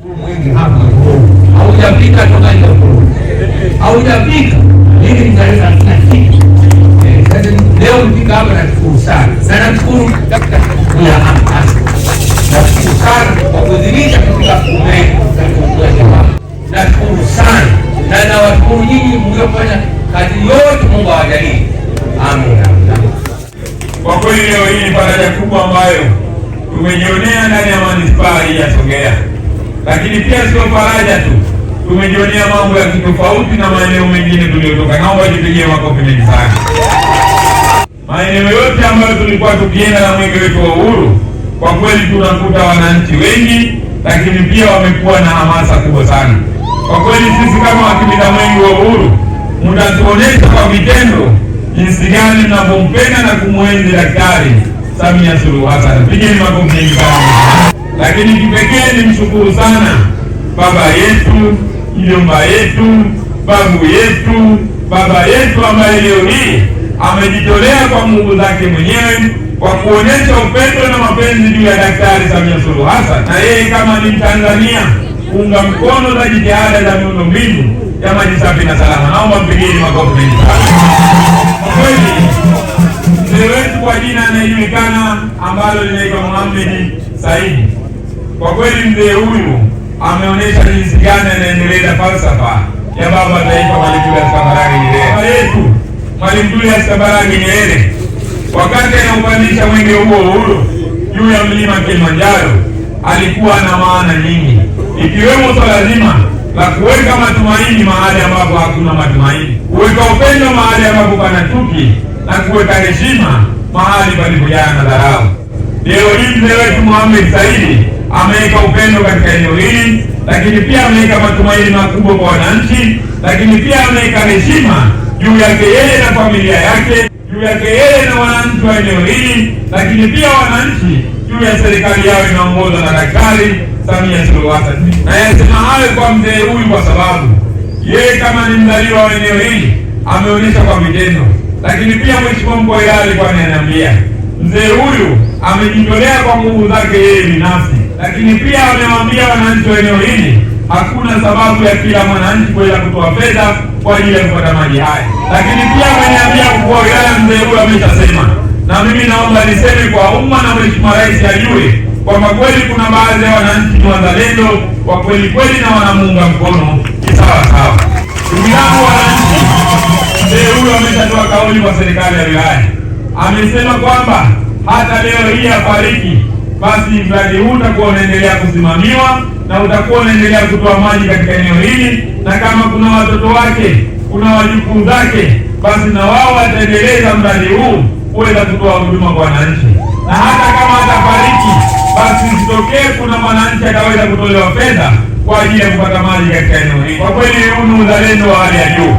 mwingi hapa haujafika toka ile haujafika ili mtaweza kila eh, Leo mfika hapa na shukuru sana na nashukuru ya hapa nashukuru sana kwa kuidhinisha kufika Kumene na nashukuru sana na nawashukuru nyinyi mliofanya kazi yote, Mungu awajalie. Amina. Kwa kweli leo hii ni faraja kubwa ambayo tumejionea ndani ya manispaa ya Songea lakini pia sio faraja tu, tumejionea mambo ya kitofauti na maeneo mengine tuliyotoka. Naomba jipigie makofi mengi sana. Maeneo yote ambayo tulikuwa tukienda na mwenge wetu wa uhuru, kwa kweli tunakuta wananchi wengi, lakini pia wamekuwa na hamasa kubwa sana. Kwa kweli sisi kama wakimbiza mwenge wa uhuru, mtatuonesha kwa vitendo jinsi gani mnavyompenda na kumwenzi Daktari Samia Suluhu Hassan. Pigeni makofi mengi sana lakini kipekee ni mshukuru sana baba yetu, nyumba yetu, babu yetu, baba yetu ambaye leo hii amejitolea kwa nguvu zake mwenyewe kwa kuonyesha upendo na mapenzi juu ya Daktari Samia Suluhu Hassan, na yeye kama ni Mtanzania kuunga mkono za jitihada za mbinu ya maji safi na salama. Naomba mpigieni makofi mengi sana. Kwa kweli mzee wetu kwa jina anayejulikana ambalo linaitwa Mohamed Saidi kwa kweli mzee huyu ameonyesha jinsi gani anaendeleza falsafa ya baba taifa Mwalimu Julius Kambarage Nyerere. Baba yetu Mwalimu Julius Kambarage Nyerere wakati anaupandisha mwenge huo uhuru juu ya mlima Kilimanjaro alikuwa na maana nyingi, ikiwemo swala zima la kuweka matumaini mahali ambapo hakuna matumaini, kuweka upendo mahali ambapo pana chuki, na kuweka heshima mahali palipojaa na dharau. Leo hii mzee wetu Mohamed Saidi ameweka upendo katika eneo hili, lakini pia ameweka matumaini makubwa kwa wananchi, lakini pia ameweka heshima juu yake yeye na familia yake, juu yake yeye na wananchi wa eneo hili, lakini pia wananchi juu ya serikali yao inaongozwa na Daktari Samia Suluhu Hassan. Na yasema hayo kwa mzee huyu kwa sababu yeye kama ni mzaliwa wa eneo hili ameonyesha kwa vitendo, lakini pia Mheshimiwa mkuu wa wilaya alikuwa ananiambia mzee huyu amejitolea kwa nguvu zake yeye binafsi lakini pia wamewaambia wananchi wa eneo hili hakuna sababu ya kila mwananchi kuweza kutoa fedha kwa ajili ya kupata maji haya. Lakini pia wameniambia mkuu wa wilaya mzee huyo ameshasema, na mimi naomba niseme kwa umma na mheshimiwa rais ajue kwamba kweli kuna baadhi ya wananchi ni wazalendo wa kweli kweli na wanamuunga mkono kisawasawa. Ndugu zangu wananchi, mzee huyo ameshatoa kauli kwa serikali ya wilaya, amesema kwamba hata leo hii afariki basi mradi huu utakuwa unaendelea kusimamiwa na utakuwa unaendelea kutoa maji katika eneo hili, na kama kuna watoto wake, kuna wajukuu zake, basi na wao wataendeleza mradi huu kuweza kutoa huduma kwa wananchi, na hata kama atafariki, basi isitokee kuna mwananchi ataweza kutolewa fedha kwa ajili ya kupata maji katika eneo hili. Kwa kweli huu ni uzalendo wa hali ya juu.